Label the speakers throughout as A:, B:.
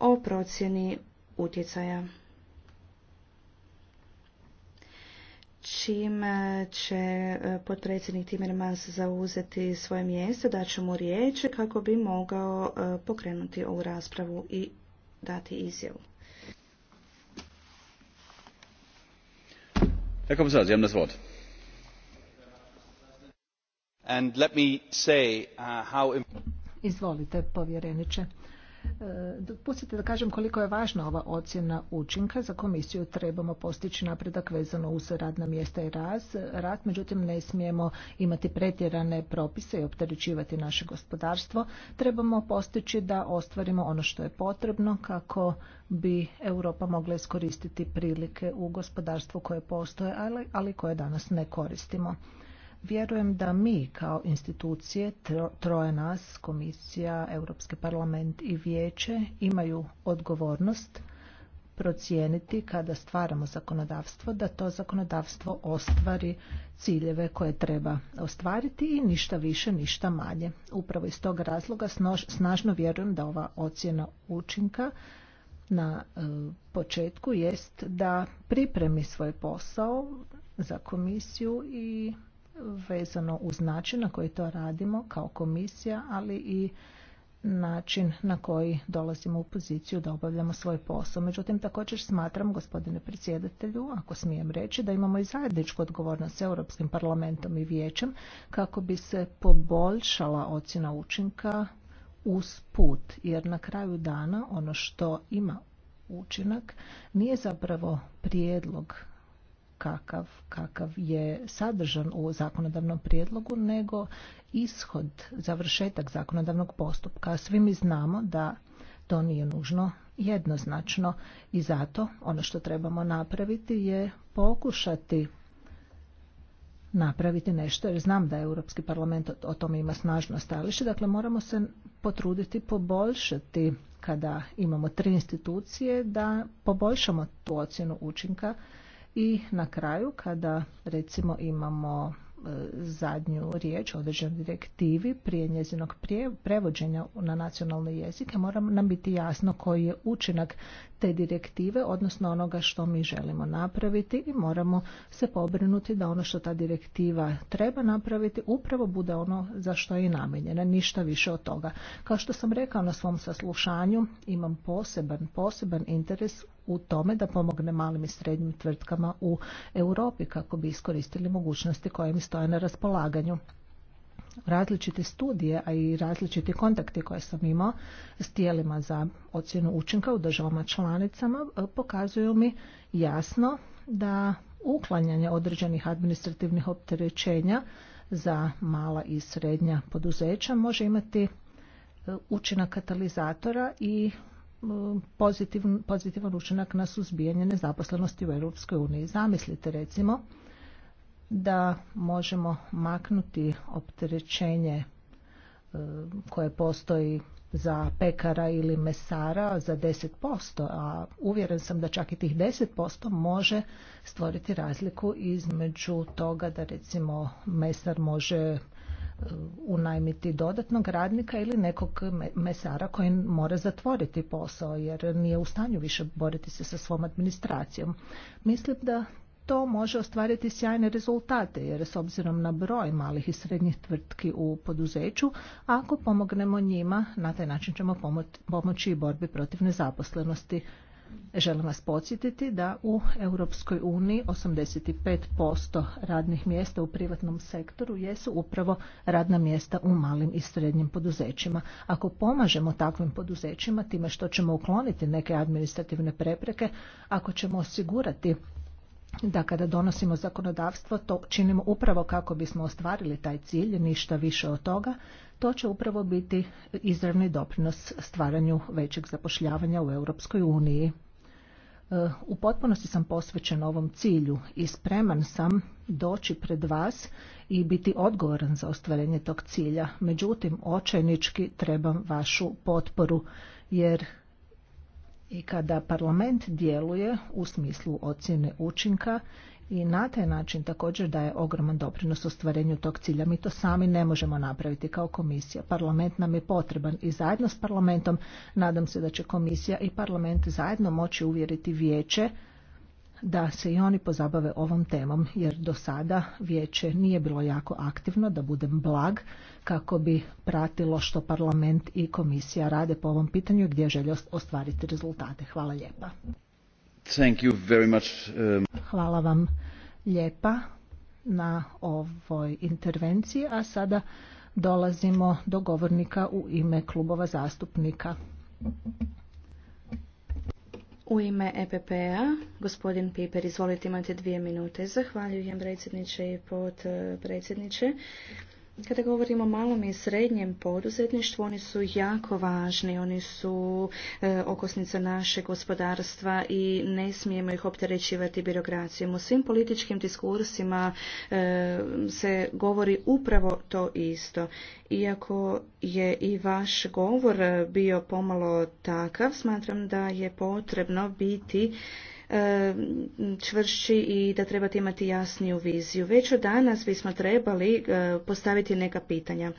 A: o procjeni utjecaja. čim e, će e, potpredsjednik Timmermans zauzeti svoje mjesto, da ćemo mu riječ kako bi mogao e, pokrenuti ovu raspravu i dati izjavu.
B: Herr let me say uh, how...
C: Izvolite, povjereniče. E, Dopustite da kažem koliko je važna ova ocjena učinka. Za komisiju trebamo postići napredak vezano uz radna mjesta i raz. Rad, međutim, ne smijemo imati pretjerane propise i opterećivati naše gospodarstvo. Trebamo postići da ostvarimo ono što je potrebno kako bi Europa mogla iskoristiti prilike u gospodarstvu koje postoje, ali, ali koje danas ne koristimo. Vjerujem da mi kao institucije, troje nas, Komisija, Europski parlament i Vijeće, imaju odgovornost procijeniti kada stvaramo zakonodavstvo da to zakonodavstvo ostvari ciljeve koje treba ostvariti i ništa više, ništa manje. Upravo iz tog razloga snažno vjerujem da ova ocjena učinka na e, početku jest da pripremi svoj posao za komisiju i vezano uz način na koji to radimo kao komisija, ali i način na koji dolazimo u poziciju da obavljamo svoj posao. Međutim, također smatram, gospodine predsjedatelju, ako smijem reći, da imamo i zajedničku odgovornost s Europskim parlamentom i vijećem kako bi se poboljšala ocjena učinka uz put, jer na kraju dana ono što ima učinak nije zapravo prijedlog kakav, kakav je sadržan u zakonodavnom prijedlogu, nego ishod, završetak zakonodavnog postupka. Svi mi znamo da to nije nužno jednoznačno i zato ono što trebamo napraviti je pokušati napraviti nešto, jer znam da Europski parlament o tome ima snažno stajalište, dakle moramo se potruditi poboljšati kada imamo tri institucije da poboljšamo tu ocjenu učinka i na kraju, kada recimo imamo e, zadnju riječ o određenoj direktivi prije njezinog prevođenja na nacionalne jezike mora nam biti jasno koji je učinak te direktive, odnosno onoga što mi želimo napraviti i moramo se pobrinuti da ono što ta direktiva treba napraviti upravo bude ono za što je namijenjena, ništa više od toga. Kao što sam rekao na svom saslušanju, imam poseban, poseban interes u tome da pomogne malim i srednjim tvrtkama u Europi kako bi iskoristili mogućnosti koje im stoje na raspolaganju različite studije, a i različiti kontakti koje sam imao s tijelima za ocjenu učinka u državama članicama e, pokazuju mi jasno da uklanjanje određenih administrativnih opterećenja za mala i srednja poduzeća može imati e, učinak katalizatora i e, pozitivan, učinak na suzbijanje nezaposlenosti u Europskoj uniji. Zamislite recimo da možemo maknuti opterećenje e, koje postoji za pekara ili mesara za 10%, a uvjeren sam da čak i tih 10% može stvoriti razliku između toga da recimo mesar može e, unajmiti dodatnog radnika ili nekog mesara koji mora zatvoriti posao jer nije u stanju više boriti se sa svom administracijom. Mislim da to može ostvariti sjajne rezultate jer s obzirom na broj malih i srednjih tvrtki u poduzeću, ako pomognemo njima, na taj način ćemo pomoći i borbi protiv nezaposlenosti. Želim vas podsjetiti da u Europskoj uniji 85% radnih mjesta u privatnom sektoru jesu upravo radna mjesta u malim i srednjim poduzećima. Ako pomažemo takvim poduzećima time što ćemo ukloniti neke administrativne prepreke, ako ćemo osigurati da kada donosimo zakonodavstvo to činimo upravo kako bismo ostvarili taj cilj, ništa više od toga, to će upravo biti izravni doprinos stvaranju većeg zapošljavanja u Europskoj uniji. E, u potpunosti sam posvećen ovom cilju i spreman sam doći pred vas i biti odgovoran za ostvarenje tog cilja. Međutim, očajnički trebam vašu potporu jer i kada parlament djeluje u smislu ocjene učinka i na taj način također daje ogroman doprinos ostvarenju tog cilja. Mi to sami ne možemo napraviti kao komisija. Parlament nam je potreban i zajedno s parlamentom nadam se da će komisija i parlament zajedno moći uvjeriti vijeće da se i oni pozabave ovom temom jer do sada vijeće nije bilo jako aktivno da budem blag kako bi pratilo što parlament i komisija rade po ovom pitanju gdje želje ostvariti rezultate. Hvala lijepa.
A: Thank you very much. Um,
C: Hvala vam lijepa na ovoj intervenciji, a sada dolazimo do govornika u ime klubova zastupnika.
A: U ime EPP-a, gospodin Piper, izvolite imate dvije minute. Zahvaljujem predsjedniče i potpredsjedniče. Kada govorimo o malom i srednjem poduzetništvu, oni su jako važni, oni su e, okosnica našeg gospodarstva i ne smijemo ih opterećivati birokracijom. U svim političkim diskursima e, se govori upravo to isto. Iako je i vaš govor bio pomalo takav, smatram da je potrebno biti E, čvršći i da trebate imati jasniju viziju. Već od danas bismo trebali e, postaviti neka pitanja.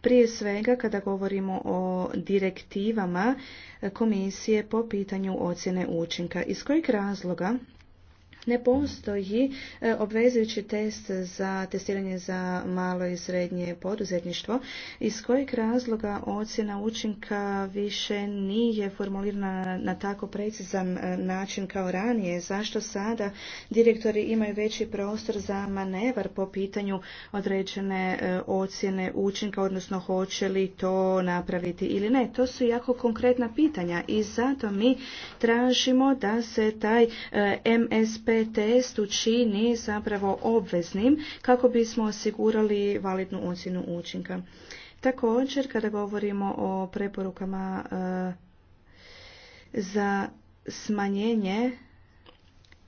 A: Prije svega kada govorimo o direktivama e, komisije po pitanju ocjene učinka. Iz kojeg razloga ne postoji e, obvezujući test za testiranje za malo i srednje poduzetništvo iz kojeg razloga ocjena učinka više nije formulirana na tako precizan e, način kao ranije. Zašto sada direktori imaju veći prostor za manevar po pitanju određene e, ocjene učinka, odnosno hoće li to napraviti ili ne. To su jako konkretna pitanja i zato mi tražimo da se taj MSP test učini zapravo obveznim kako bismo osigurali validnu ocjenu učinka. Također, kada govorimo o preporukama e, za smanjenje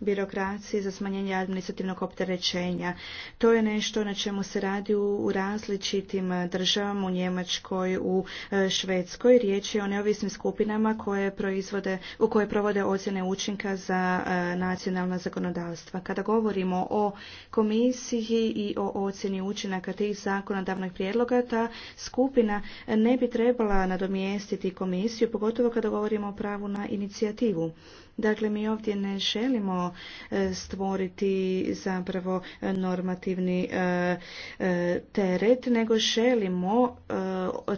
A: birokracije, za smanjenje administrativnog opterećenja. To je nešto na čemu se radi u različitim državama, u Njemačkoj, u e, Švedskoj. Riječ je o neovisnim skupinama koje proizvode, u koje provode ocjene učinka za e, nacionalna zakonodavstva. Kada govorimo o komisiji i o ocjeni učinaka tih zakonodavnih prijedloga, ta skupina ne bi trebala nadomjestiti komisiju, pogotovo kada govorimo o pravu na inicijativu. Dakle, mi ovdje ne želimo e, stvoriti zapravo e, normativni e, teret, nego želimo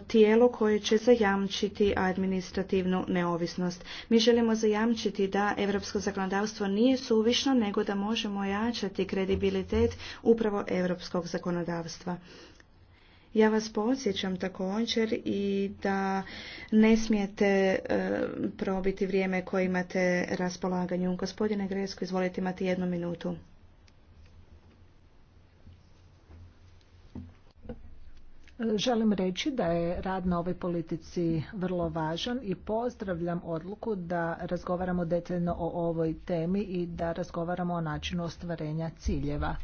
A: tijelo koje će zajamčiti administrativnu neovisnost. Mi želimo zajamčiti da evropsko zakonodavstvo nije suvišno, nego da možemo jačati kredibilitet upravo europskog zakonodavstva. Ja vas podsjećam također i da ne smijete e, probiti vrijeme koje imate raspolaganju. Gospodine Gresko, izvolite imati jednu minutu.
C: Želim reći da je rad na ovoj politici vrlo važan i pozdravljam odluku da razgovaramo detaljno o ovoj temi i da razgovaramo o načinu ostvarenja ciljeva.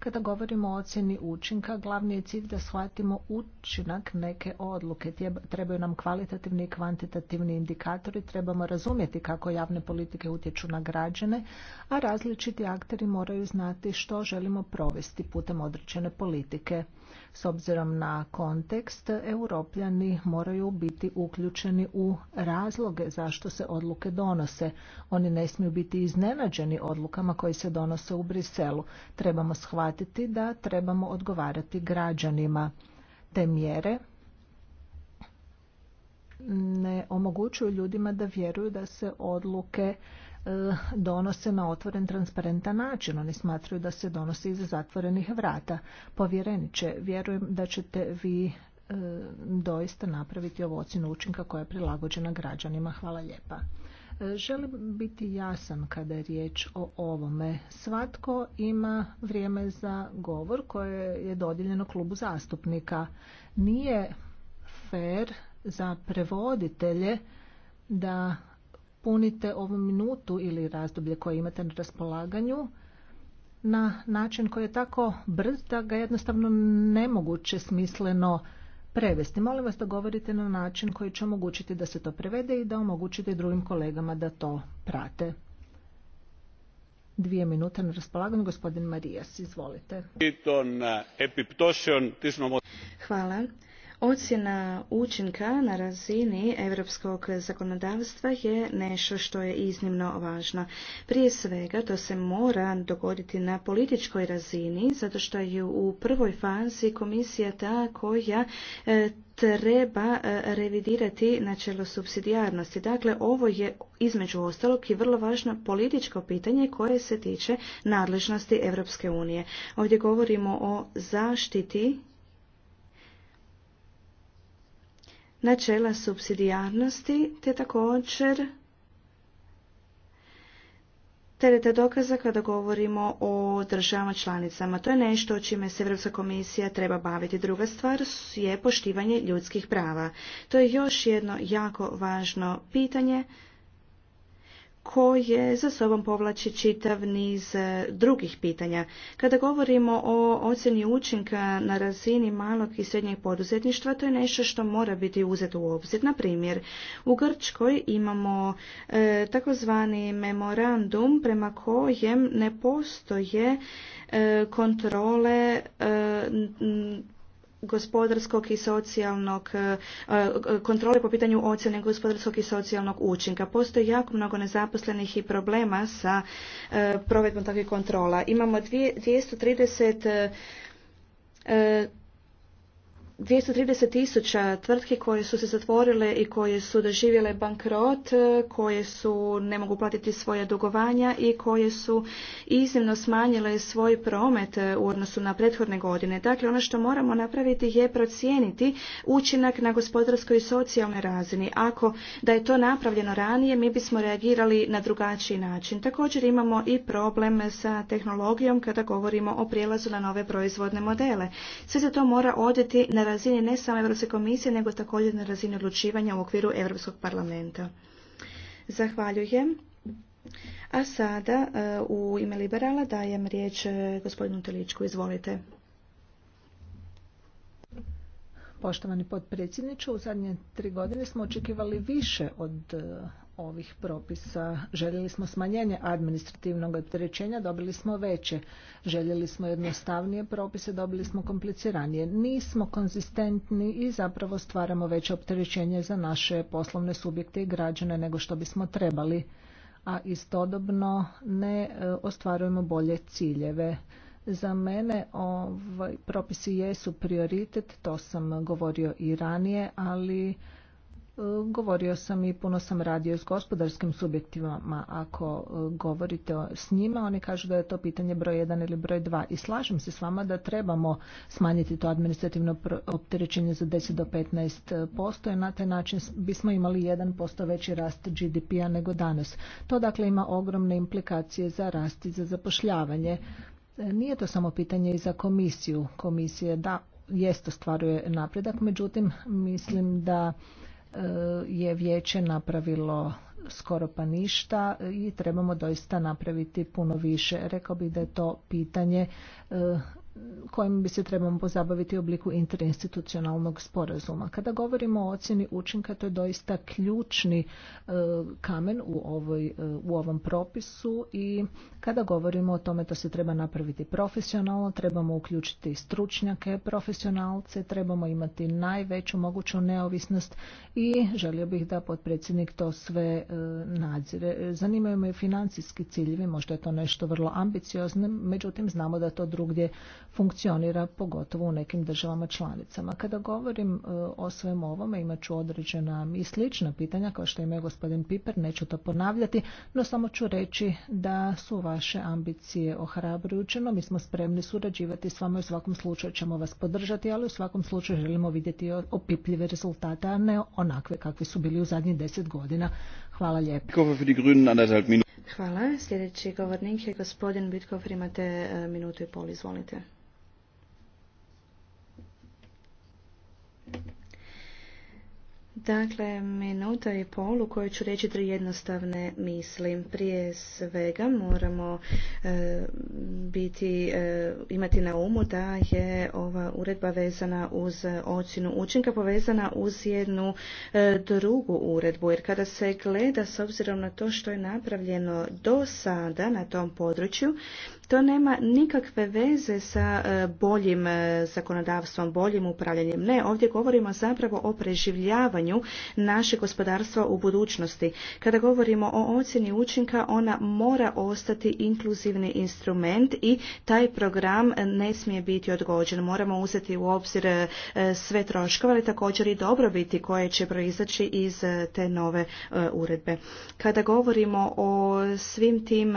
C: Kada govorimo o ocjeni učinka, glavni je cilj da shvatimo učinak neke odluke. Trebaju nam kvalitativni i kvantitativni indikatori, trebamo razumjeti kako javne politike utječu na građane, a različiti akteri moraju znati što želimo provesti putem određene politike. S obzirom na kontekst, europljani moraju biti uključeni u razloge zašto se odluke donose. Oni ne smiju biti iznenađeni odlukama koje se donose u Briselu. Trebamo shvatiti shvatiti da trebamo odgovarati građanima. Te mjere ne omogućuju ljudima da vjeruju da se odluke eh, donose na otvoren, transparentan način. Oni smatraju da se donose iza zatvorenih vrata. Povjereniče, vjerujem da ćete vi eh, doista napraviti ovu ocjenu učinka koja je prilagođena građanima. Hvala lijepa. Želim biti jasan kada je riječ o ovome. Svatko ima vrijeme za govor koje je dodijeljeno klubu zastupnika. Nije fer za prevoditelje da punite ovu minutu ili razdoblje koje imate na raspolaganju na način koji je tako brz da ga jednostavno nemoguće smisleno prevesti. Molim vas da govorite na način koji će omogućiti da se to prevede i da omogućite drugim kolegama da to prate. Dvije minute na raspolaganju, gospodin Marijas, izvolite. Hvala.
A: Ocjena učinka na razini europskog zakonodavstva je nešto što je iznimno važno. Prije svega to se mora dogoditi na političkoj razini, zato što je u prvoj fazi komisija ta koja e, treba e, revidirati načelo subsidijarnosti. Dakle, ovo je između ostalog i vrlo važno političko pitanje koje se tiče nadležnosti Europske unije. Ovdje govorimo o zaštiti načela subsidijarnosti te također tereta dokaza kada govorimo o državama članicama. To je nešto o čime se Evropska komisija treba baviti. Druga stvar je poštivanje ljudskih prava. To je još jedno jako važno pitanje koje za sobom povlači čitav niz e, drugih pitanja. Kada govorimo o ocjeni učinka na razini malog i srednjeg poduzetništva, to je nešto što mora biti uzeto u obzir. Na primjer, u Grčkoj imamo e, takozvani memorandum prema kojem ne postoje e, kontrole gospodarskog i socijalnog e, e, kontrole po pitanju ocjene gospodarskog i socijalnog učinka. Postoji jako mnogo nezaposlenih i problema sa e, provedbom takvih kontrola. Imamo 230 230 tisuća tvrtki koje su se zatvorile i koje su doživjele bankrot, koje su ne mogu platiti svoja dugovanja i koje su iznimno smanjile svoj promet u odnosu na prethodne godine. Dakle, ono što moramo napraviti je procijeniti učinak na gospodarskoj i socijalnoj razini. Ako da je to napravljeno ranije, mi bismo reagirali na drugačiji način. Također imamo i problem sa tehnologijom kada govorimo o prijelazu na nove proizvodne modele. Sve se to mora odjeti na razini ne samo Europske komisije, nego također na razini odlučivanja u okviru Europskog parlamenta. Zahvaljujem. A sada uh, u ime liberala dajem riječ
C: uh, gospodinu Teličku. Izvolite. Poštovani potpredsjedniče, u zadnje tri godine smo očekivali više od uh, ovih propisa. Željeli smo smanjenje administrativnog opterećenja, dobili smo veće. Željeli smo jednostavnije propise, dobili smo kompliciranije. Nismo konzistentni i zapravo stvaramo veće opterećenje za naše poslovne subjekte i građane nego što bismo trebali, a istodobno ne e, ostvarujemo bolje ciljeve. Za mene ovaj, propisi jesu prioritet, to sam govorio i ranije, ali E, govorio sam i puno sam radio s gospodarskim subjektivama. Ako e, govorite s njima, oni kažu da je to pitanje broj 1 ili broj 2. I slažem se s vama da trebamo smanjiti to administrativno opterećenje za 10 do 15 e, posto i na taj način bismo imali 1 posto veći rast GDP-a nego danas. To dakle ima ogromne implikacije za rast i za zapošljavanje. Nije to samo pitanje i za komisiju. Komisije da jesto stvaruje napredak, međutim mislim da Eh, je vijeće napravilo skoro pa ništa i trebamo doista napraviti puno više. Rekao bih da je to pitanje eh, kojim bi se trebamo pozabaviti u obliku interinstitucionalnog sporazuma. Kada govorimo o ocjeni učinka, to je doista ključni e, kamen u, ovoj, e, u ovom propisu i kada govorimo o tome to se treba napraviti profesionalno, trebamo uključiti stručnjake, profesionalce, trebamo imati najveću moguću neovisnost i želio bih da potpredsjednik to sve e, nadzire. Zanimaju me financijski ciljevi, možda je to nešto vrlo ambiciozno, međutim znamo da to drugdje funkcionira pogotovo u nekim državama članicama. Kada govorim e, o svem ovome imat ću određena i slična pitanja kao što ima gospodin Piper, neću to ponavljati, no samo ću reći da su vaše ambicije ohrabrujuće, no mi smo spremni surađivati s vama i u svakom slučaju ćemo vas podržati, ali u svakom slučaju želimo vidjeti opipljive rezultate, a ne onakve kakvi su bili u zadnjih deset godina. Hvala lijepo. Hvala. Sljedeći govornik je gospodin Bitkov. Imate e,
A: minutu i pol. Izvolite. Dakle, minuta i pol u kojoj ću reći tri jednostavne mislim. Prije svega moramo e, biti, e, imati na umu da je ova uredba vezana uz ocjenu učinka povezana uz jednu e, drugu uredbu. Jer kada se gleda s obzirom na to što je napravljeno do sada na tom području, to nema nikakve veze sa e, boljim e, zakonodavstvom, boljim upravljanjem. Ne, ovdje govorimo zapravo o preživljavanju našeg gospodarstva u budućnosti. Kada govorimo o ocjeni učinka, ona mora ostati inkluzivni instrument i taj program ne smije biti odgođen. Moramo uzeti u obzir e, sve troškove, ali također i dobrobiti koje će proizaći iz te nove uredbe. Kada govorimo o svim tim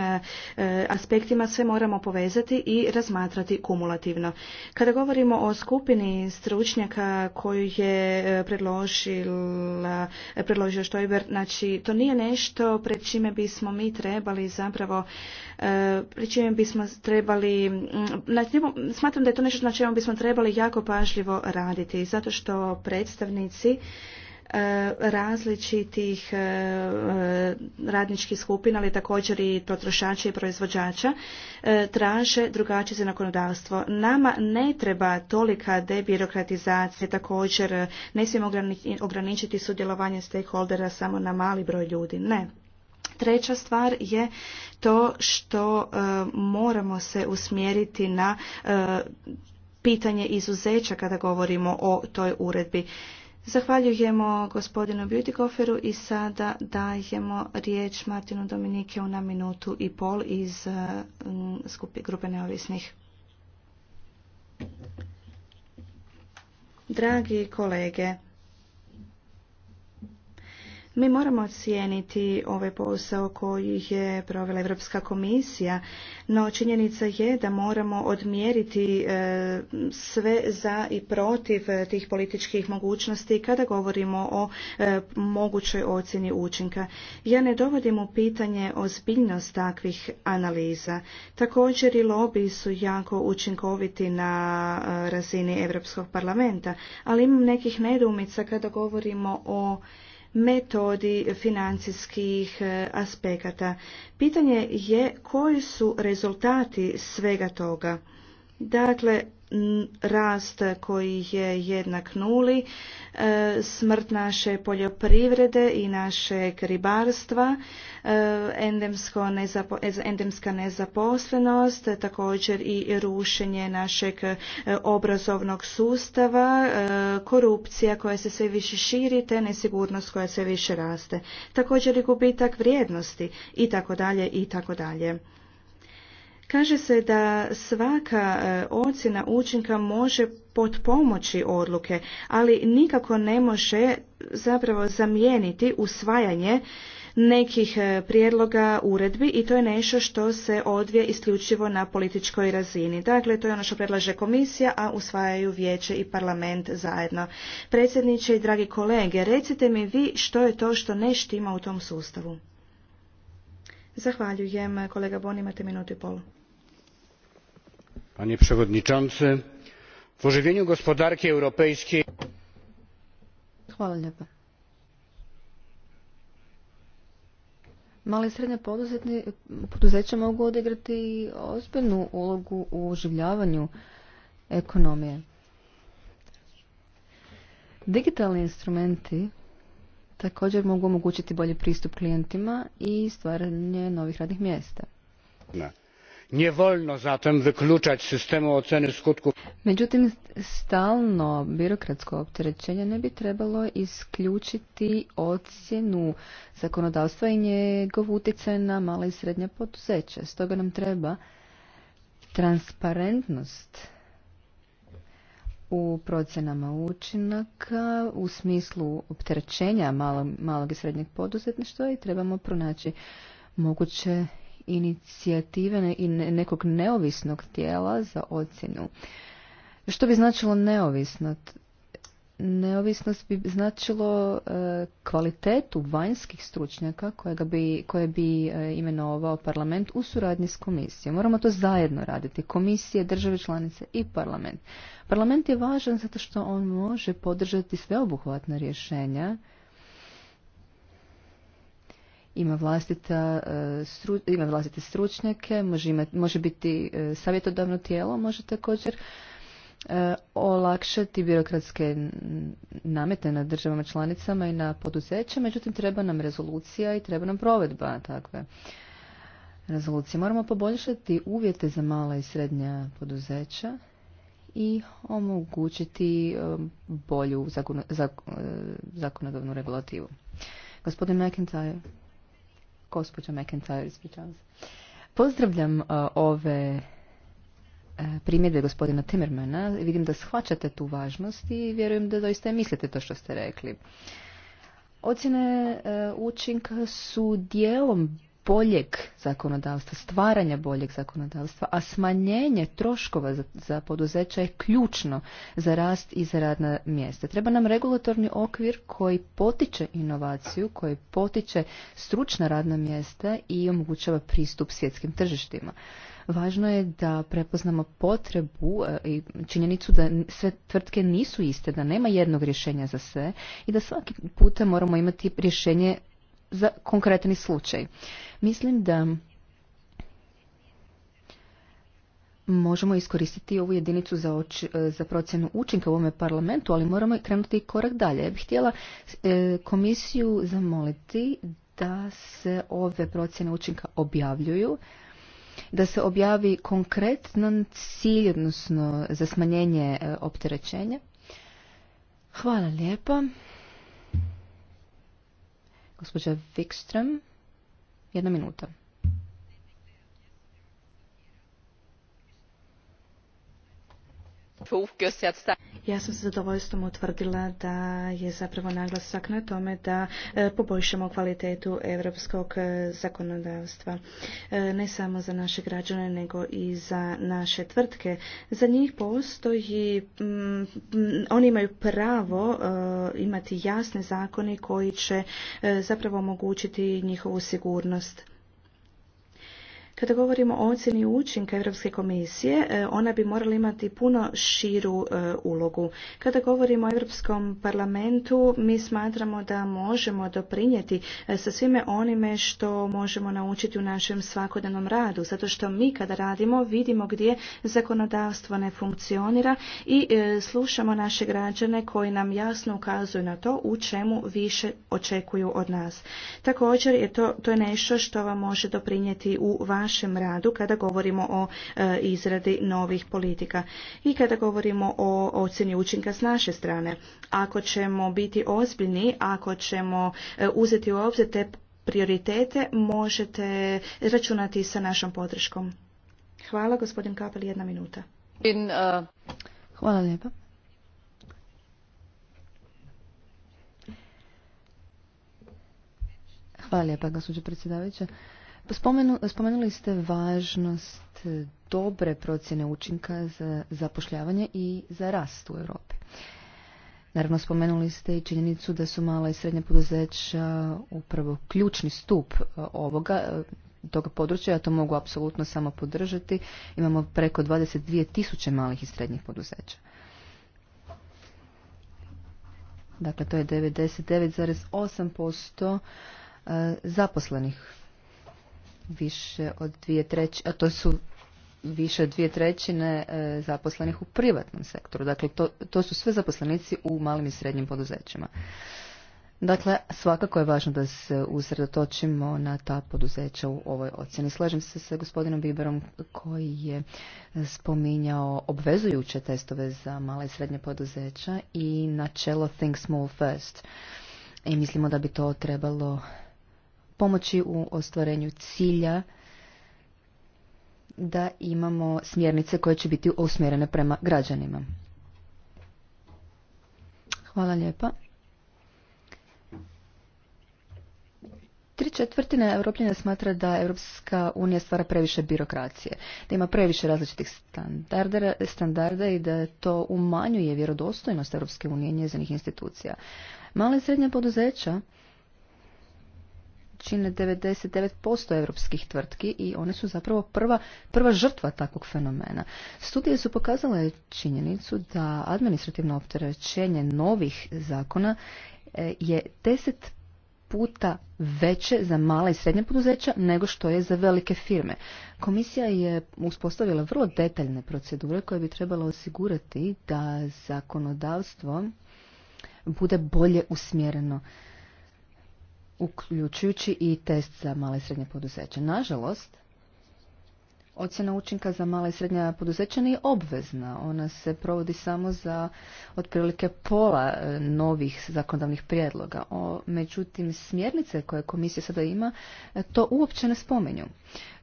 A: aspektima, sve mora moramo povezati i razmatrati kumulativno. Kada govorimo o skupini stručnjaka koju je e, predložila, e, predložio Štojber, znači to nije nešto pred čime bismo mi trebali zapravo e, pri čime bismo trebali, smatram da je to nešto na čemu bismo trebali jako pažljivo raditi, zato što predstavnici različitih e, e, radničkih skupina, ali također i potrošača i proizvođača, e, traže drugačije zakonodavstvo. Nama ne treba tolika debirokratizacija, također ne smijemo ograničiti sudjelovanje stakeholdera samo na mali broj ljudi. Ne. Treća stvar je to što moramo se usmjeriti na pitanje izuzeća kada govorimo o toj uredbi. Zahvaljujemo gospodinu Butikoferu i sada dajemo riječ Martinu Dominike na minutu i pol iz eh, mm, skupi grupe neovisnih. Dragi kolege, mi moramo ocijeniti ovaj posao koji je provela Europska komisija, no činjenica je da moramo odmjeriti e, sve za i protiv tih političkih mogućnosti kada govorimo o e, mogućoj ocjeni učinka. Ja ne dovodim u pitanje ozbiljnost takvih analiza. Također i lobiji su jako učinkoviti na e, razini Europskog parlamenta, ali imam nekih nedoumica kada govorimo o metodi financijskih e, aspekata. Pitanje je koji su rezultati svega toga. Dakle, rast koji je jednak nuli, e, smrt naše poljoprivrede i našeg ribarstva, e, e, endemska nezaposlenost, također i rušenje našeg obrazovnog sustava, korupcija koja se sve više širi te nesigurnost koja sve više raste. Također i gubitak vrijednosti i tako dalje i tako dalje. Kaže se da svaka e, ocjena učinka može potpomoći odluke, ali nikako ne može zapravo zamijeniti usvajanje nekih e, prijedloga uredbi i to je nešto što se odvije isključivo na političkoj razini. Dakle, to je ono što predlaže komisija, a usvajaju vijeće i parlament zajedno. Predsjedniče i dragi kolege, recite mi vi što je to što nešto ima u tom sustavu. Zahvaljujem. Kolega Bon, imate minutu i polu
D: panie przewodniczący! w ożywieniu gospodarki europejskiej mala i srednja poduzeća mogu odigrati ozbiljnu ulogu u oživljavanju ekonomije. Digitalni instrumenti također mogu omogućiti bolji pristup klijentima i stvaranje novih radnih mjesta
A: nie wolno zatem
D: wykluczać systemu oceny skutków međutim stalno birokratsko opterećenje ne bi trebalo isključiti ocjenu zakonodavstva i njegov utjecaj na mala i srednja poduzeća stoga nam treba transparentnost u procjenama učinaka u smislu opterećenja malog, malog i srednjeg poduzetništva i trebamo pronaći moguće inicijative i nekog neovisnog tijela za ocjenu. Što bi značilo neovisnost? Neovisnost bi značilo e, kvalitetu vanjskih stručnjaka bi, koje bi e, imenovao parlament u suradnji s komisijom. Moramo to zajedno raditi, komisije, države članice i parlament. Parlament je važan zato što on može podržati sveobuhvatna rješenja ima, vlastita, e, ima vlastite stručnjake, može, može biti e, savjetodavno tijelo, može također e, olakšati birokratske namete na državama članicama i na poduzeća, međutim treba nam rezolucija i treba nam provedba takve rezolucije. Moramo poboljšati uvjete za mala i srednja poduzeća i omogućiti bolju zakonodavnu regulativu. Gospodin McIntyre. Gospođa McIntyre, ispričavam se. Pozdravljam e, ove e, primjedbe gospodina Timmermana. Vidim da shvaćate tu važnost i vjerujem da doista i mislite to što ste rekli. Ocjene e, učinka su dijelom boljeg zakonodavstva, stvaranja boljeg zakonodavstva, a smanjenje troškova za, za poduzeća je ključno za rast i za radna mjesta. Treba nam regulatorni okvir koji potiče inovaciju, koji potiče stručna radna mjesta i omogućava pristup svjetskim tržištima. Važno je da prepoznamo potrebu e, i činjenicu da sve tvrtke nisu iste, da nema jednog rješenja za sve i da svaki puta moramo imati rješenje za konkretni slučaj. Mislim da možemo iskoristiti ovu jedinicu za, za procjenu učinka u ovome parlamentu, ali moramo krenuti korak dalje. Ja bih htjela e, komisiju zamoliti da se ove procjene učinka objavljuju, da se objavi konkretan cilj, odnosno za smanjenje e, opterećenja. Hvala lijepa. Gospođa Wikström, jedna minuta.
A: Ja sam se zadovoljstvom utvrdila da je zapravo naglasak na tome da e, poboljšamo kvalitetu europskog e, zakonodavstva. E, ne samo za naše građane, nego i za naše tvrtke. Za njih postoji, mm, mm, oni imaju pravo imati jasne zakone koji će zapravo omogućiti njihovu sigurnost. Kada govorimo o ocjeni učinka Europske komisije, e, ona bi morala imati puno širu e, ulogu. Kada govorimo o Europskom parlamentu, mi smatramo da možemo doprinijeti e, sa svime onime što možemo naučiti u našem svakodnevnom radu, zato što mi kada radimo vidimo gdje zakonodavstvo ne funkcionira i slušamo naše građane koji nam jasno ukazuju na to u čemu više očekuju od nas. Također je to, to je nešto što vam može doprinijeti u vašem našem radu kada govorimo o e, izradi novih politika i kada govorimo o ocjeni učinka s naše strane. Ako ćemo biti ozbiljni, ako ćemo e, uzeti u obzir te prioritete, možete računati sa našom podrškom. Hvala, gospodin Kapel, jedna minuta. E, Hvala
D: lijepa. Hvala lijepa, gospođo predsjedavajuća spomenuli ste važnost dobre procjene učinka za zapošljavanje i za rast u Europi. Naravno, spomenuli ste i činjenicu da su mala i srednja poduzeća upravo ključni stup e, ovoga, e, toga područja, ja to mogu apsolutno samo podržati. Imamo preko 22 tisuće malih i srednjih poduzeća. Dakle, to je 99,8% e, zaposlenih više od dvije trećine, a to su više od dvije trećine e, zaposlenih u privatnom sektoru. Dakle, to, to su sve zaposlenici u malim i srednjim poduzećima. Dakle, svakako je važno da se usredotočimo na ta poduzeća u ovoj ocjeni. Slažem se sa gospodinom Biberom koji je spominjao obvezujuće testove za male i srednje poduzeća i načelo Think Small First. I mislimo da bi to trebalo pomoći u ostvarenju cilja da imamo smjernice koje će biti usmjerene prema građanima. Hvala lijepa. Tri četvrtine Europljena smatra da Europska unija stvara previše birokracije, da ima previše različitih standarda, i da to umanjuje vjerodostojnost Europske unije i njezinih institucija. Mala i srednja poduzeća čine 99% europskih tvrtki i one su zapravo prva, prva žrtva takvog fenomena. Studije su pokazale činjenicu da administrativno opterećenje novih zakona e, je 10 puta veće za mala i srednja poduzeća nego što je za velike firme. Komisija je uspostavila vrlo detaljne procedure koje bi trebalo osigurati da zakonodavstvo bude bolje usmjereno uključujući i test za male i srednje poduzeće. Nažalost, ocjena učinka za male i srednja poduzeća nije obvezna. Ona se provodi samo za otprilike pola e, novih zakonodavnih prijedloga. O, međutim, smjernice koje komisija sada ima e, to uopće ne spomenju.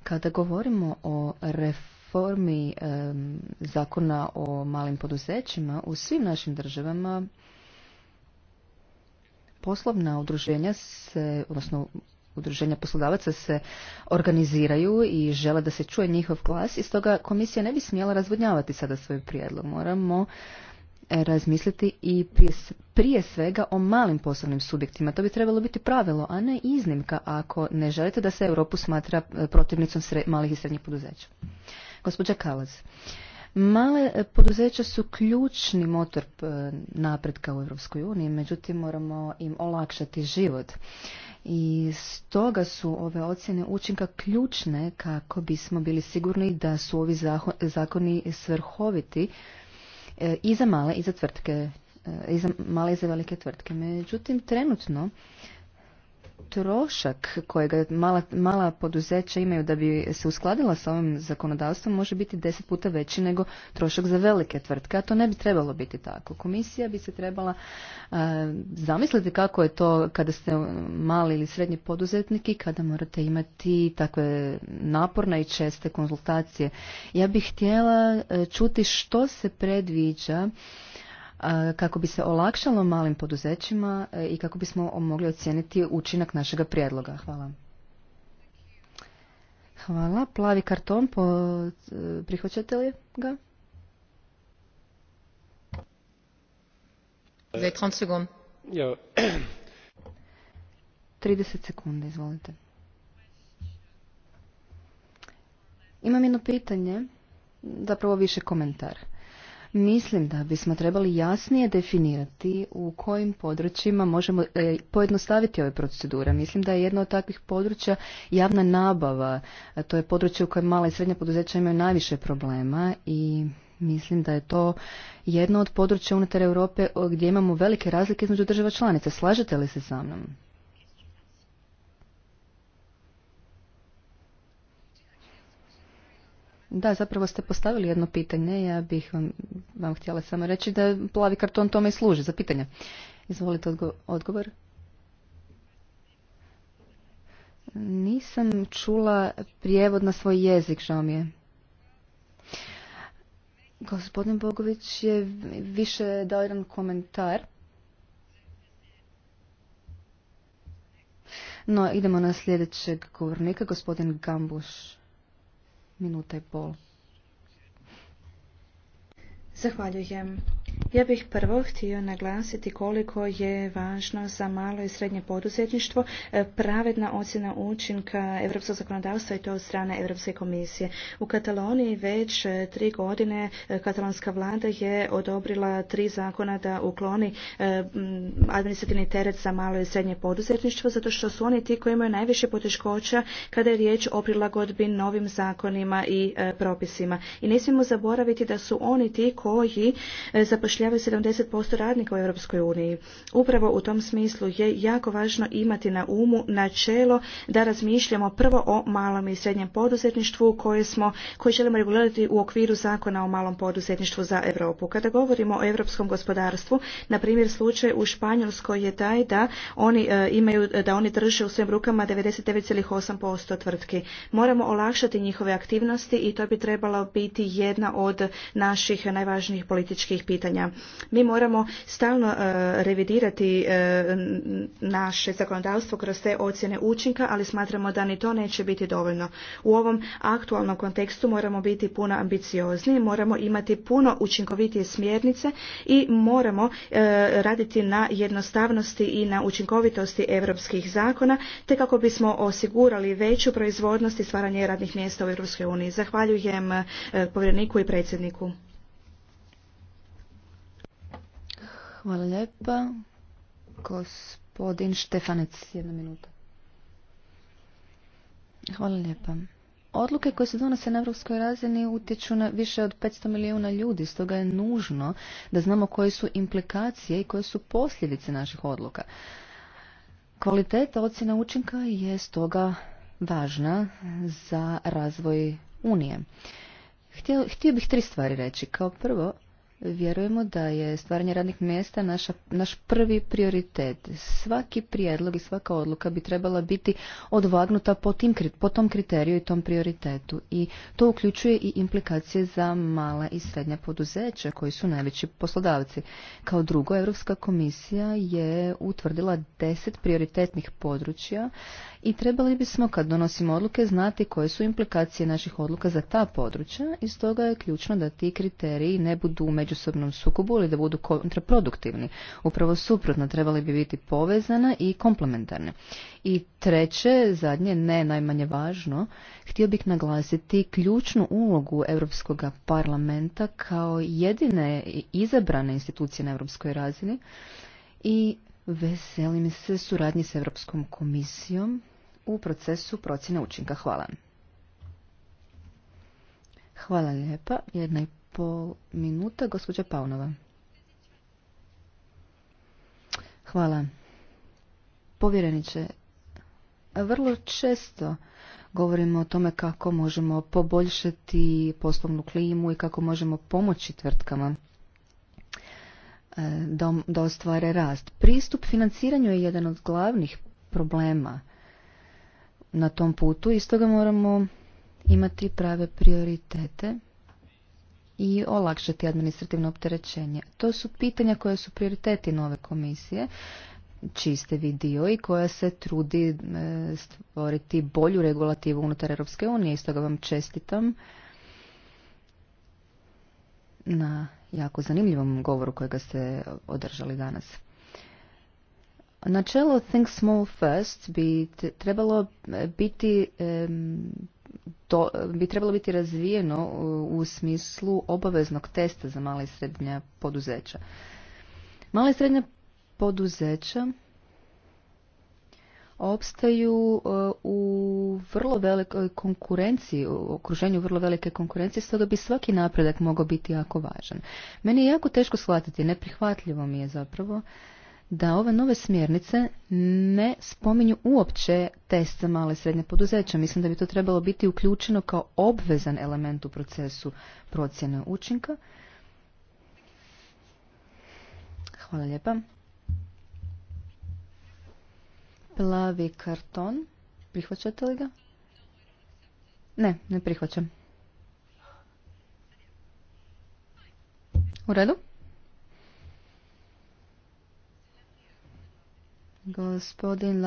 D: Kada govorimo o reformi zakona o malim poduzećima u svim našim državama poslovna udruženja se, odnosno udruženja poslodavaca se organiziraju i žele da se čuje njihov glas i stoga komisija ne bi smjela razvodnjavati sada svoj prijedlog. Moramo e, razmisliti i prije, svega o malim poslovnim subjektima. To bi trebalo biti pravilo, a ne iznimka ako ne želite da se Europu smatra e, protivnicom malih i srednjih poduzeća. Gospođa Kalaz. Male e, poduzeća su ključni motor napretka u Europskoj uniji, međutim moramo im olakšati život. I stoga su ove ocjene učinka ključne kako bismo bili sigurni da su ovi zakoni svrhoviti e, i za male i za tvrtke e, i male i za velike tvrtke. Međutim, trenutno trošak kojega mala, mala poduzeća imaju da bi se uskladila sa ovim zakonodavstvom može biti deset puta veći nego trošak za velike tvrtke, a to ne bi trebalo biti tako. Komisija bi se trebala zamisliti kako je to kada ste mali ili srednji poduzetnik i kada morate imati takve naporne i česte konzultacije. Ja bih htjela e, čuti što se predviđa kako bi se olakšalo malim poduzećima e, i kako bismo mogli ocijeniti učinak našega prijedloga. Hvala. Hvala. Plavi karton, e, prihvaćate li ga?
B: Za 30 sekund.
D: 30 sekundi, izvolite. Imam jedno pitanje, zapravo više komentar. Mislim da bismo trebali jasnije definirati u kojim područjima možemo e, pojednostaviti ove procedure. Mislim da je jedno od takvih područja javna nabava. To je područje u kojem mala i srednja poduzeća imaju najviše problema i Mislim da je to jedno od područja unutar Europe gdje imamo velike razlike između država članica. Slažete li se sa mnom? Da, zapravo ste postavili jedno pitanje. Ja bih vam, vam htjela samo reći da plavi karton tome i služi za pitanje. Izvolite odgo odgovor. Nisam čula prijevod na svoj jezik, žao mi je. Gospodin Bogović je više dao jedan komentar. No, idemo na sljedećeg govornika, gospodin Gambuš minuta i pol.
A: Zahvaljujem. Ja bih prvo htio naglasiti koliko je važno za malo i srednje poduzetništvo e, pravedna ocjena učinka europskog zakonodavstva i to od strane Europske komisije. U Kataloniji već e, tri godine e, katalonska vlada je odobrila tri zakona da ukloni administrativni teret za malo i srednje poduzetništvo zato što su oni ti koji imaju najviše poteškoća kada je riječ o prilagodbi novim zakonima i propisima. I ne smijemo zaboraviti da su oni ti koji zapošljavaju zapošljavaju 70% radnika u Europskoj uniji. Upravo u tom smislu je jako važno imati na umu načelo da razmišljamo prvo o malom i srednjem poduzetništvu koje, smo, koje želimo regulirati u okviru zakona o malom poduzetništvu za Europu. Kada govorimo o europskom gospodarstvu, na primjer slučaj u Španjolskoj je taj da oni e, imaju, da oni drže u svojim rukama 99,8% tvrtki. Moramo olakšati njihove aktivnosti i to bi trebalo biti jedna od naših najvažnijih političkih pitanja. Mi moramo stalno e, revidirati e, naše zakonodavstvo kroz te ocjene učinka, ali smatramo da ni to neće biti dovoljno. U ovom aktualnom kontekstu moramo biti puno ambiciozni, moramo imati puno učinkovitije smjernice i moramo e, raditi na jednostavnosti i na učinkovitosti europskih zakona, te kako bismo osigurali veću proizvodnost i stvaranje radnih mjesta u EU. Zahvaljujem povjereniku i predsjedniku. Hvala lijepa.
D: Gospodin Štefanec, jedna minuta. Hvala lijepa. Odluke koje se donose na evropskoj razini utječu na više od 500 milijuna ljudi, stoga je nužno da znamo koje su implikacije i koje su posljedice naših odluka. Kvaliteta ocjena učinka je stoga važna za razvoj Unije. Htio, htio bih tri stvari reći. Kao prvo, Vjerujemo da je stvaranje radnih mjesta naša, naš prvi prioritet. Svaki prijedlog i svaka odluka bi trebala biti odvagnuta po, tim, po tom kriteriju i tom prioritetu. I to uključuje i implikacije za mala i srednja poduzeća koji su najveći poslodavci. Kao drugo, Europska komisija je utvrdila deset prioritetnih područja i trebali bismo kad donosimo odluke znati koje su implikacije naših odluka za ta područja i stoga je ključno da ti kriteriji ne budu umeđu međusobnom sukobu ili da budu kontraproduktivni. Upravo suprotno trebali bi biti povezana i komplementarne. I treće, zadnje, ne najmanje važno, htio bih naglasiti ključnu ulogu Europskog parlamenta kao jedine izabrane institucije na europskoj razini i veselim se suradnji s Europskom komisijom u procesu procjene učinka. Hvala. Hvala lijepa. Jedna i pol minuta. Gospođa Paunova. Hvala. Povjereniče, vrlo često govorimo o tome kako možemo poboljšati poslovnu klimu i kako možemo pomoći tvrtkama e, da ostvare rast. Pristup financiranju je jedan od glavnih problema na tom putu i stoga moramo imati prave prioritete i olakšati administrativno opterećenje. To su pitanja koje su prioriteti nove komisije, čiste video vi dio i koja se trudi e, stvoriti bolju regulativu unutar Europske unije i stoga vam čestitam na jako zanimljivom govoru kojega ste održali danas. Načelo Think Small First bi trebalo biti to bi trebalo biti razvijeno u smislu obaveznog testa za mala i srednja poduzeća. Mala i srednja poduzeća opstaju e, u vrlo velikoj konkurenciji, u okruženju vrlo velike konkurencije, stoga bi svaki napredak mogao biti jako važan. Meni je jako teško shvatiti, neprihvatljivo mi je zapravo da ove nove smjernice ne spominju uopće test za male i srednje poduzeća. Mislim da bi to trebalo biti uključeno kao obvezan element u procesu procjene učinka. Hvala lijepa. Plavi karton. Prihvaćate li ga? Ne, ne prihvaćam. U redu? Gospodin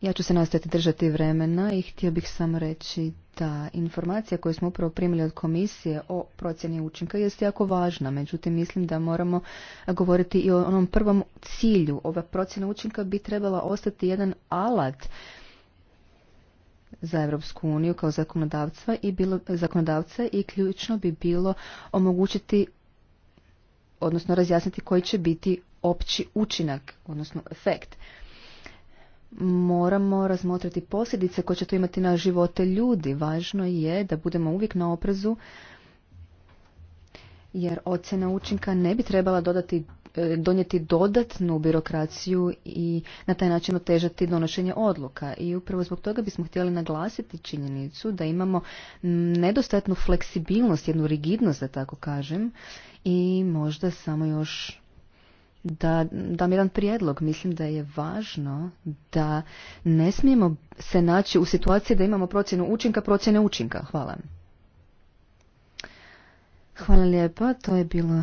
D: Ja ću se nastaviti držati vremena i htio bih samo reći da informacija koju smo upravo primili od komisije o procjeni učinka jest jako važna. Međutim, mislim da moramo govoriti i o onom prvom cilju. Ova procjena učinka bi trebala ostati jedan alat za Europsku uniju kao zakonodavca i bilo, zakonodavca i ključno bi bilo omogućiti odnosno razjasniti koji će biti opći učinak, odnosno efekt. Moramo razmotriti posljedice koje će to imati na živote ljudi. Važno je da budemo uvijek na oprezu jer ocjena učinka ne bi trebala dodati E, donijeti dodatnu birokraciju i na taj način otežati donošenje odluka. I upravo zbog toga bismo htjeli naglasiti činjenicu da imamo nedostatnu fleksibilnost, jednu rigidnost da tako kažem i možda samo još da dam jedan prijedlog. Mislim da je važno da ne smijemo se naći u situaciji da imamo procjenu učinka, procjene učinka. Hvala. Hvala lijepa, to je bilo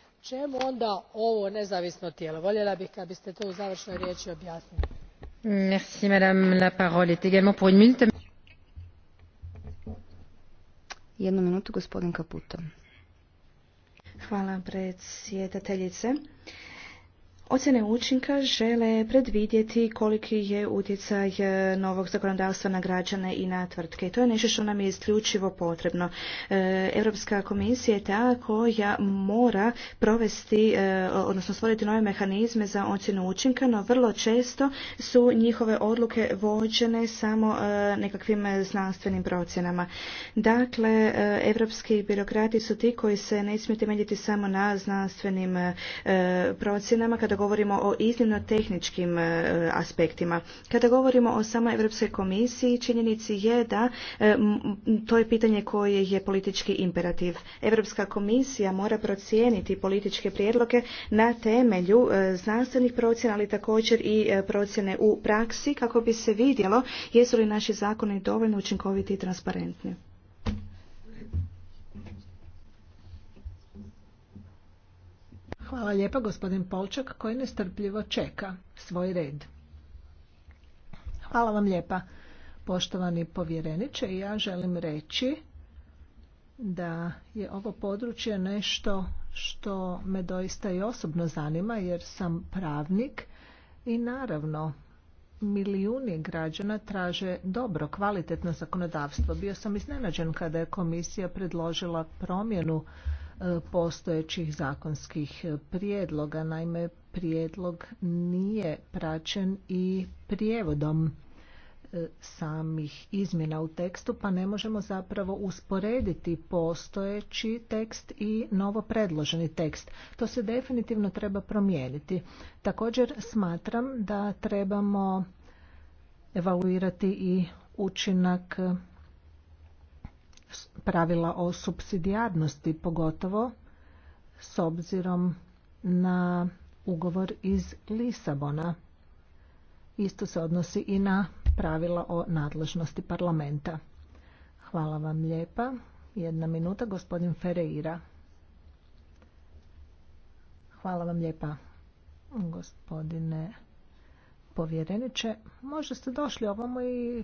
B: čemu onda ovo nezavisno tijelo? voljela bih kad biste to u završnoj riječi objasnili.
D: Jednu minutu, gospodin
A: Hvala predsjedateljice. Ocjene učinka žele predvidjeti koliki je utjecaj e, novog zakonodavstva na građane i na tvrtke. To je nešto što nam je isključivo potrebno. E, Europska komisija je ta koja mora provesti, e, odnosno stvoriti nove mehanizme za ocjenu učinka, no vrlo često su njihove odluke vođene samo nekakvim znanstvenim procjenama. Dakle, europski birokrati su ti koji se ne smiju temeljiti samo na znanstvenim procjenama kada govorimo o iznimno tehničkim e, aspektima. Kada govorimo o samoj Europskoj komisiji, činjenici je da e, to je pitanje koje je politički imperativ. Europska komisija mora procijeniti političke prijedloge na temelju e, znanstvenih procjena, ali također i procjene u praksi kako bi se vidjelo jesu li naši zakoni dovoljno učinkoviti i transparentni.
C: Hvala lijepa gospodin Polčak koji nestrpljivo čeka svoj red. Hvala vam lijepa poštovani povjereniče. Ja želim reći da je ovo područje nešto što me doista i osobno zanima jer sam pravnik i naravno milijuni građana traže dobro, kvalitetno zakonodavstvo. Bio sam iznenađen kada je komisija predložila promjenu postojećih zakonskih prijedloga. Naime, prijedlog nije praćen i prijevodom e, samih izmjena u tekstu, pa ne možemo zapravo usporediti postojeći tekst i novo predloženi tekst. To se definitivno treba promijeniti. Također smatram da trebamo evaluirati i učinak pravila o subsidijarnosti, pogotovo s obzirom na ugovor iz Lisabona. Isto se odnosi i na pravila o nadležnosti parlamenta. Hvala vam lijepa. Jedna minuta, gospodin Ferreira. Hvala vam lijepa, gospodine povjereniče. Možda ste došli ovamo i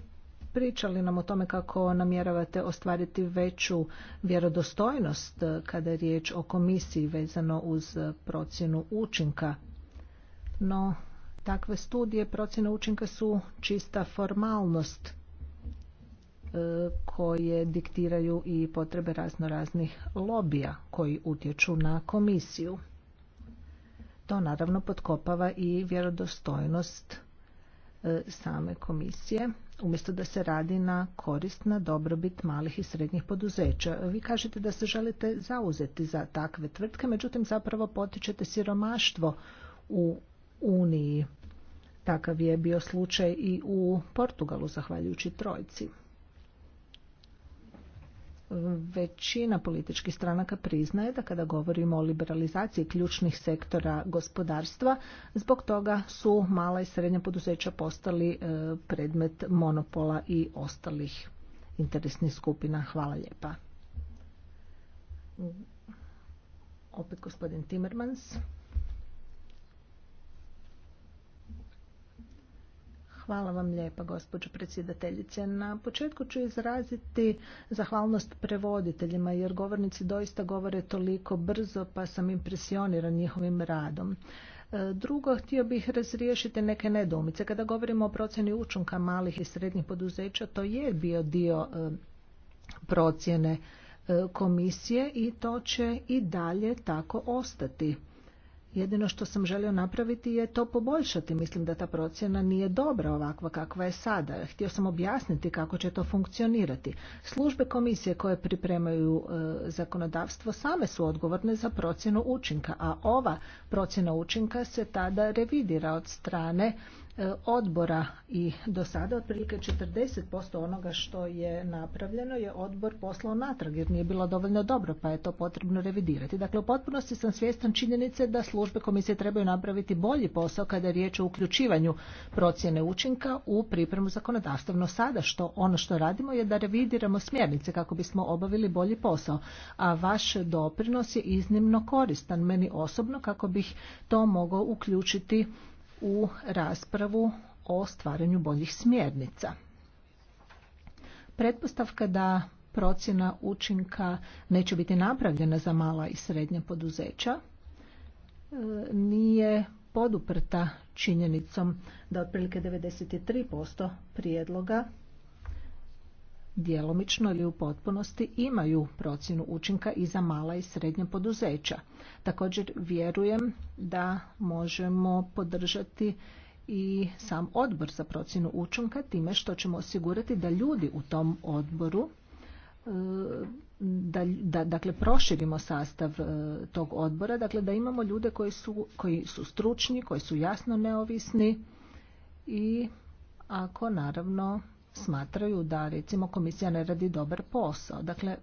C: pričali nam o tome kako namjeravate ostvariti veću vjerodostojnost eh, kada je riječ o komisiji vezano uz eh, procjenu učinka. No, takve studije procjene učinka su čista formalnost eh, koje diktiraju i potrebe razno raznih lobija koji utječu na komisiju. To naravno potkopava i vjerodostojnost same komisije umjesto da se radi na korist na dobrobit malih i srednjih poduzeća. Vi kažete da se želite zauzeti za takve tvrtke, međutim zapravo potičete siromaštvo u Uniji. Takav je bio slučaj i u Portugalu, zahvaljujući Trojci. Većina političkih stranaka priznaje da kada govorimo o liberalizaciji ključnih sektora gospodarstva, zbog toga su mala i srednja poduzeća postali e, predmet monopola i ostalih interesnih skupina. Hvala lijepa. Opet gospodin Timmermans. Hvala vam lijepa, gospođo predsjedateljice. Na početku ću izraziti zahvalnost prevoditeljima, jer govornici doista govore toliko brzo, pa sam impresioniran njihovim radom. E, drugo, htio bih razriješiti neke nedoumice. Kada govorimo o procjeni učinka malih i srednjih poduzeća, to je bio dio e, procjene e, komisije i to će i dalje tako ostati. Jedino što sam želio napraviti je to poboljšati. Mislim da ta procjena nije dobra ovakva kakva je sada. Htio sam objasniti kako će to funkcionirati. Službe komisije koje pripremaju e, zakonodavstvo same su odgovorne za procjenu učinka, a ova procjena učinka se tada revidira od strane E, odbora i do sada otprilike 40% onoga što je napravljeno je odbor poslao natrag jer nije bilo dovoljno dobro pa je to potrebno revidirati. Dakle, u potpunosti sam svjestan činjenice da službe komisije trebaju napraviti bolji posao kada je riječ o uključivanju procjene učinka u pripremu zakonodavstva. sada što ono što radimo je da revidiramo smjernice kako bismo obavili bolji posao. A vaš doprinos je iznimno koristan meni osobno kako bih to mogao uključiti u raspravu o stvaranju boljih smjernica. Pretpostavka da procjena učinka neće biti napravljena za mala i srednja poduzeća e, nije poduprta činjenicom da otprilike 93% prijedloga djelomično ili u potpunosti imaju procjenu učinka i za mala i srednja poduzeća. Također vjerujem da možemo podržati i sam odbor za procjenu učinka time što ćemo osigurati da ljudi u tom odboru e, da, da dakle proširimo sastav e, tog odbora, dakle da imamo ljude koji su, koji su stručni, koji su jasno neovisni i ako naravno smatraju da recimo komisija ne radi dobar posao. Dakle,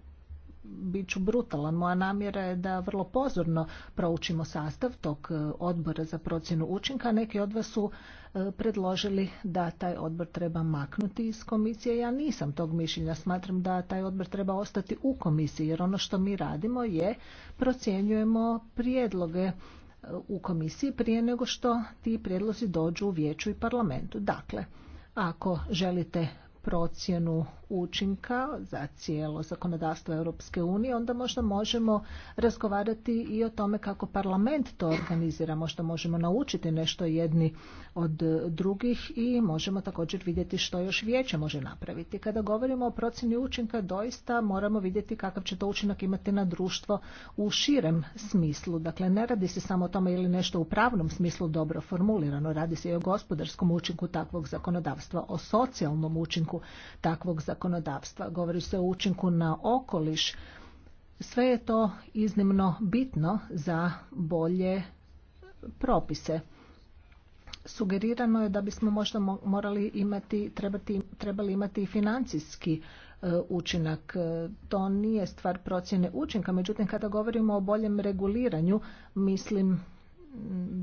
C: bit ću brutalan. Moja namjera je da vrlo pozorno proučimo sastav tog e, odbora za procjenu učinka. Neki od vas su e, predložili da taj odbor treba maknuti iz komisije. Ja nisam tog mišljenja. Smatram da taj odbor treba ostati u komisiji jer ono što mi radimo je procjenjujemo prijedloge e, u komisiji prije nego što ti prijedlozi dođu u vijeću i parlamentu. Dakle, ako želite procjenu učinka za cijelo zakonodavstvo Europske unije, onda možda možemo razgovarati i o tome kako parlament to organizira. Možda možemo naučiti nešto jedni od drugih i možemo također vidjeti što još vijeće može napraviti. Kada govorimo o procjeni učinka, doista moramo vidjeti kakav će to učinak imati na društvo u širem smislu. Dakle, ne radi se samo o tome ili nešto u pravnom smislu dobro formulirano, radi se i o gospodarskom učinku takvog zakonodavstva, o socijalnom učinku takvog zakonodavstva. Govori se o učinku na okoliš. Sve je to iznimno bitno za bolje propise. Sugerirano je da bismo možda morali imati, trebati, trebali imati i financijski e, učinak. E, to nije stvar procjene učinka, međutim kada govorimo o boljem reguliranju, mislim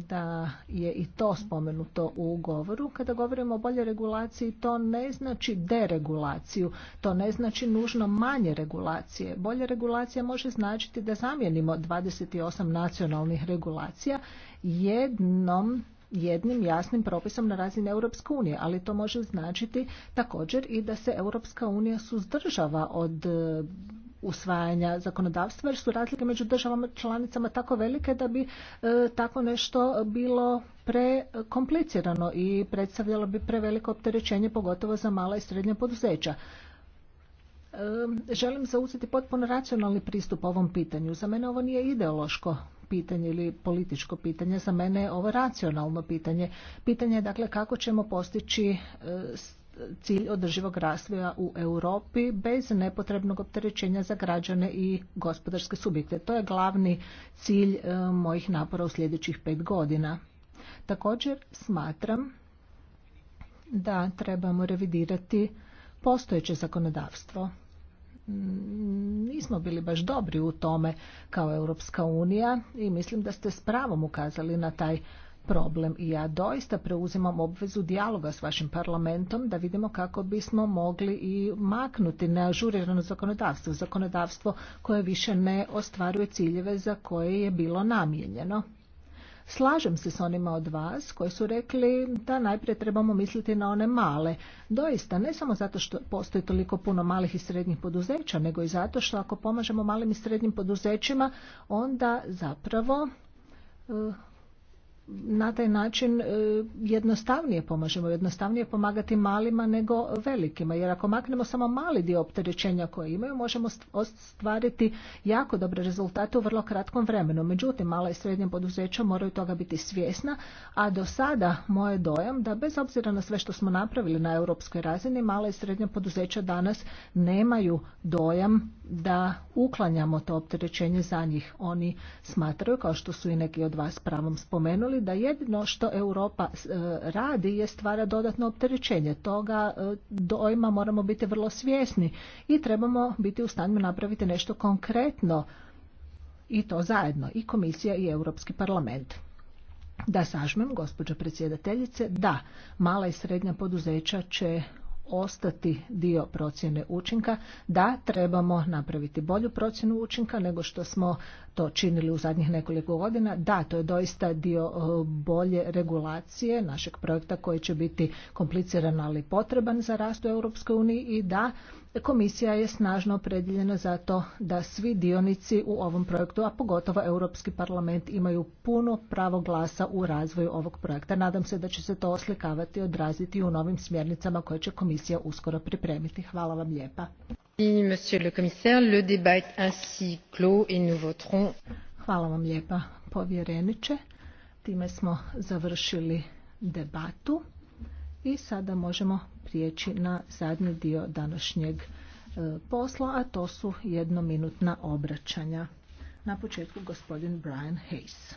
C: da je i to spomenuto u govoru. Kada govorimo o bolje regulaciji, to ne znači deregulaciju, to ne znači nužno manje regulacije. Bolje regulacija može značiti da zamijenimo 28 nacionalnih regulacija jednom jednim jasnim propisom na razini Europske unije, ali to može značiti također i da se Europska unija suzdržava od usvajanja zakonodavstva jer su razlike među državama članicama tako velike da bi e, tako nešto bilo prekomplicirano i predstavljalo bi preveliko opterećenje pogotovo za mala i srednja poduzeća. E, želim zauzeti potpuno racionalni pristup ovom pitanju. Za mene ovo nije ideološko pitanje ili političko pitanje, za mene je ovo racionalno pitanje. Pitanje je dakle kako ćemo postići e, cilj održivog razvoja u Europi bez nepotrebnog opterećenja za građane i gospodarske subjekte. To je glavni cilj e, mojih napora u sljedećih pet godina. Također smatram da trebamo revidirati postojeće zakonodavstvo. Mm, nismo bili baš dobri u tome kao Europska unija i mislim da ste s pravom ukazali na taj problem i ja doista preuzimam obvezu dijaloga s vašim parlamentom da vidimo kako bismo mogli i maknuti neažurirano zakonodavstvo, zakonodavstvo koje više ne ostvaruje ciljeve za koje je bilo namijenjeno. Slažem se s onima od vas koji su rekli da najprije trebamo misliti na one male. Doista, ne samo zato što postoji toliko puno malih i srednjih poduzeća, nego i zato što ako pomažemo malim i srednjim poduzećima, onda zapravo eh, na taj način e, jednostavnije pomažemo, jednostavnije pomagati malima nego velikima. Jer ako maknemo samo mali dio opterećenja koje imaju, možemo ostvariti jako dobre rezultate u vrlo kratkom vremenu. Međutim, mala i srednja poduzeća moraju toga biti svjesna, a do sada moje dojam da bez obzira na sve što smo napravili na europskoj razini, mala i srednja poduzeća danas nemaju dojam da uklanjamo to opterećenje za njih. Oni smatraju, kao što su i neki od vas pravom spomenuli, da jedino što Europa e, radi je stvara dodatno opterećenje. Toga e, dojma moramo biti vrlo svjesni i trebamo biti u stanju napraviti nešto konkretno i to zajedno i komisija i Europski parlament. Da sažmem, gospođo predsjedateljice, da, mala i srednja poduzeća će ostati dio procjene učinka. Da, trebamo napraviti bolju procjenu učinka nego što smo to činili u zadnjih nekoliko godina. Da, to je doista dio e, bolje regulacije našeg projekta koji će biti kompliciran ali potreban za rast u EU i da Komisija je snažno opredjeljena za to da svi dionici u ovom projektu, a pogotovo Europski parlament, imaju puno pravo glasa u razvoju ovog projekta. Nadam se da će se to oslikavati i odraziti u novim smjernicama koje će komisija uskoro pripremiti. Hvala vam lijepa. Hvala vam lijepa povjereniče. Time smo završili debatu. I sada možemo prijeći na zadnji dio današnjeg e, posla, a to su jednominutna obraćanja. Na početku gospodin Brian Hayes.